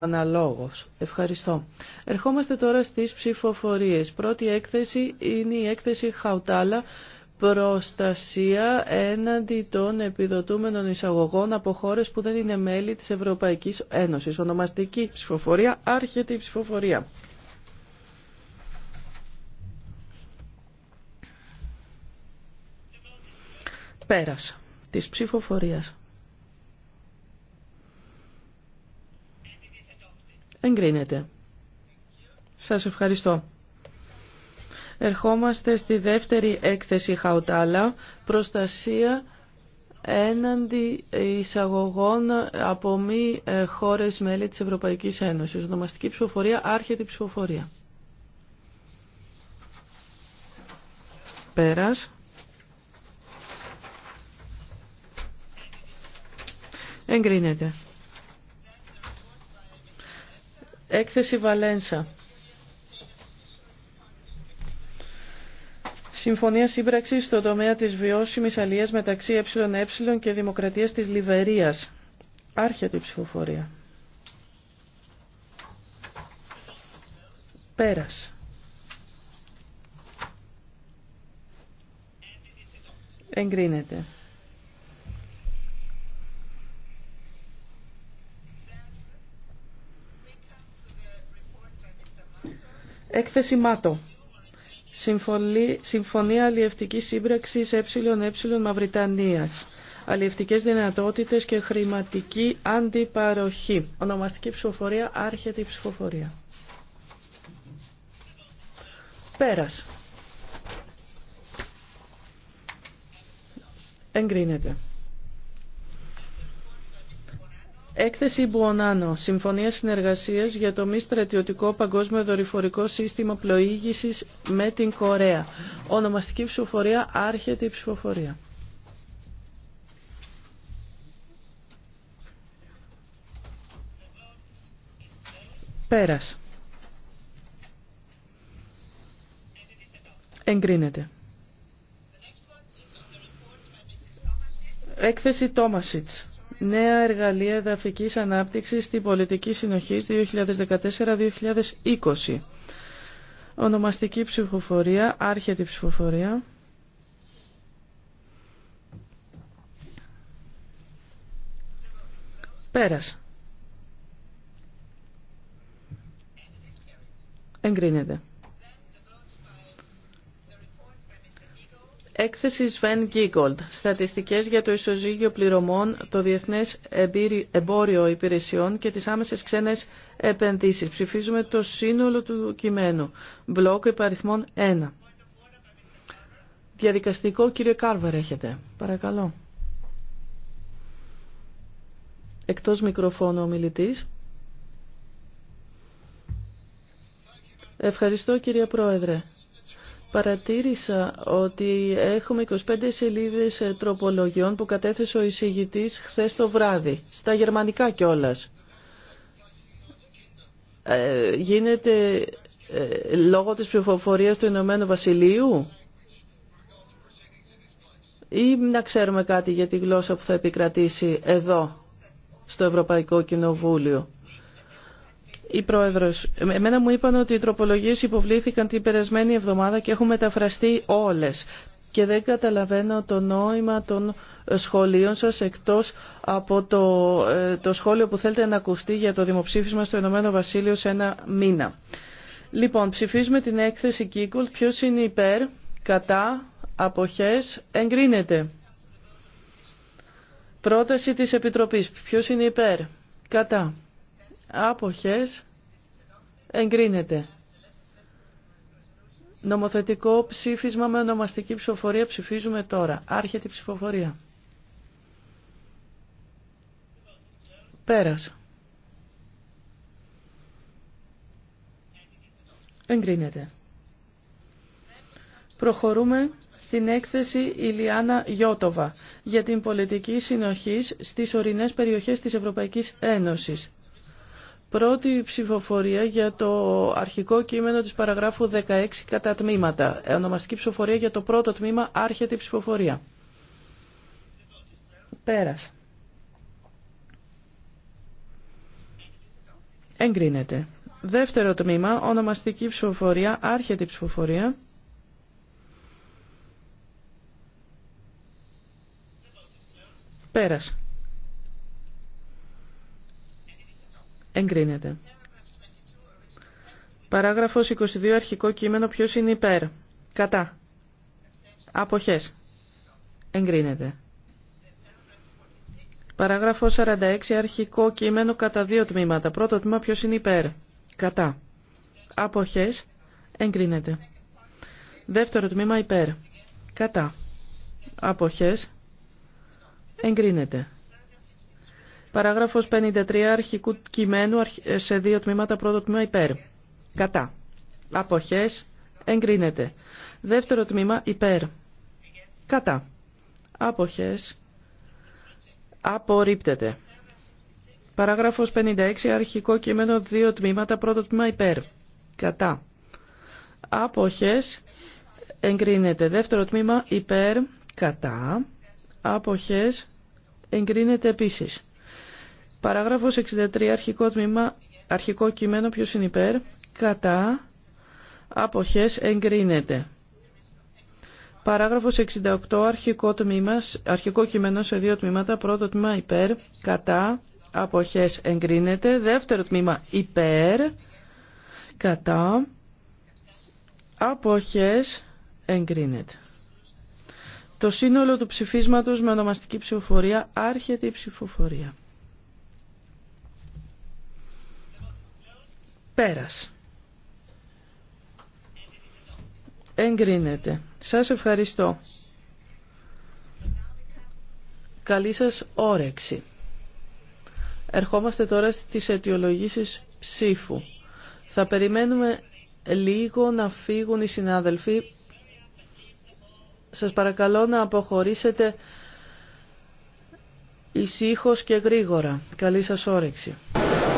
Αναλόγως. Ευχαριστώ. Ερχόμαστε τώρα στις ψηφοφορίες. Πρώτη έκθεση είναι η έκθεση Χαουτάλα προστασία έναντι των επιδοτούμενων εισαγωγών από χώρε που δεν είναι μέλη της Ευρωπαϊκής Ένωσης. Ονομαστική ψηφοφορία, άρχεται η ψηφοφορία. Πέρασα της ψηφοφορίας. Εγκρίνεται. Σας ευχαριστώ. Ερχόμαστε στη δεύτερη έκθεση Χαουτάλα, προστασία έναντι εισαγωγών από μη ε, χώρες μέλη της Ευρωπαϊκής Ένωσης. Ονομαστική ψηφοφορία, άρχεται ψηφοφορία. Πέρας. Εγκρίνεται. Έκθεση Βαλένσα. Συμφωνία σύμπραξη στο τομέα της βιώσιμης αλίας μεταξύ ΕΕ και Δημοκρατίας της Λιβερίας. Άρχεται η ψηφοφορία. Πέρας. Εγκρίνεται. Έκθεση ΜΑΤΟ. Συμφωνία Αλλιευτικής Σύμπραξης ΕΕ Μαυριτανίας. Αλλιευτικές δυνατότητες και χρηματική αντιπαροχή. Ονομαστική ψηφοφορία, άρχεται η ψηφοφορία. Πέρας. Εγκρίνεται. Έκθεση Μπουονάνο. Συμφωνία συνεργασία για το μη στρατιωτικό παγκόσμιο δορυφορικό σύστημα πλοήγηση με την Κορέα. Ονομαστική ψηφοφορία. Άρχεται η ψηφοφορία. Πέρας. Εγκρίνεται. Έκθεση Τόμασιτς νέα εργαλεία εδαφικής ανάπτυξης στην πολιτική συνοχή 2014-2020. Ονομαστική ψηφοφορία, άρχεται ψηφοφορία. Πέρας. Εγκρίνεται. Έκθεση Sven Giegold. Στατιστικές για το ισοζύγιο πληρωμών, το διεθνές εμπόριο υπηρεσιών και τις άμεσες ξένες επενδύσεις. Ψηφίζουμε το σύνολο του κειμένου. Μπλοκ υπαριθμών 1. Διαδικαστικό, κύριε Κάρβερ, έχετε. Παρακαλώ. Εκτός μικροφώνου ο μιλητής. Ευχαριστώ, κύριε Πρόεδρε. Παρατήρησα ότι έχουμε 25 σελίδες ε, τροπολογιών που κατέθεσε ο εισηγητής χθες το βράδυ, στα γερμανικά κιόλας. Ε, γίνεται ε, λόγω της πληροφορία του Ηνωμένου Βασιλείου ή να ξέρουμε κάτι για τη γλώσσα που θα επικρατήσει εδώ στο Ευρωπαϊκό Κοινοβούλιο η Πρόεδρος, εμένα μου είπαν ότι οι τροπολογίες υποβλήθηκαν την περασμένη εβδομάδα και έχουν μεταφραστεί όλες και δεν καταλαβαίνω το νόημα των σχολείων σας εκτός από το, ε, το σχόλιο που θέλετε να ακουστεί για το δημοψήφισμα στο Ηνωμένο Βασίλειο σε ένα μήνα. Λοιπόν, ψηφίζουμε την έκθεση Κίκουλ. ποιο είναι υπέρ, κατά, αποχές, εγκρίνεται. Πρόταση της Επιτροπής. Ποιος είναι υπέρ, κατά άποχες εγκρίνεται. Νομοθετικό ψήφισμα με ονομαστική ψηφοφορία ψηφίζουμε τώρα. Άρχεται η ψηφοφορία. Πέρασα. Εγκρίνεται. Προχωρούμε στην έκθεση Ηλιάνα Γιώτοβα για την πολιτική συνοχής στις ορεινές περιοχές της Ευρωπαϊκής Ένωσης. Πρώτη ψηφοφορία για το αρχικό κείμενο της παραγράφου 16 κατά τμήματα. Ονομαστική ψηφοφορία για το πρώτο τμήμα άρχεται η ψηφοφορία. Πέρας. Εγκρίνεται. Δεύτερο τμήμα, ονομαστική ψηφοφορία, άρχεται η ψηφοφορία. Πέρας. Εγκρίνεται. Παράγραφος 22 αρχικό κείμενο ποιος είναι υπέρ. Κατά. Αποχές. Εγκρίνεται. Παράγραφος 46 αρχικό κείμενο κατά δύο τμήματα. Πρώτο τμήμα ποιος είναι υπέρ. Κατά. Αποχές. Εγκρίνεται. Δεύτερο τμήμα υπέρ. Κατά. Αποχές. Εγκρίνεται. Παράγραφος 53 αρχικού κειμένου ε, σε δύο τμήματα. Πρώτο τμήμα υπέρ. Κατά. Αποχές. Εγκρίνεται. Δεύτερο τμήμα υπέρ. Κατά. Αποχές. Απορρίπτεται. Παράγραφος 56 αρχικό κείμενο δύο τμήματα. Πρώτο τμήμα υπέρ. Κατά. Αποχές. Εγκρίνεται. Δεύτερο τμήμα υπέρ. Κατά. Αποχές. Εγκρίνεται επίσης. Παράγραφος 63, αρχικό τμήμα, αρχικό κείμενο, ποιος είναι υπέρ, κατά, αποχές εγκρίνεται. Παράγραφος 68, αρχικό τμήμα, αρχικό κείμενο σε δύο τμήματα, πρώτο τμήμα υπέρ, κατά, αποχές εγκρίνεται, δεύτερο τμήμα υπέρ, κατά, αποχές εγκρίνεται. Το σύνολο του ψηφίσματος με ονομαστική ψηφοφορία άρχεται η ψηφοφορία. Πέρας. Εγκρίνεται. Σας ευχαριστώ. Καλή σας όρεξη. Ερχόμαστε τώρα στις αιτιολογήσεις ψήφου. Θα περιμένουμε λίγο να φύγουν οι συνάδελφοι. Σας παρακαλώ να αποχωρήσετε ησύχως και γρήγορα. Καλή σας όρεξη.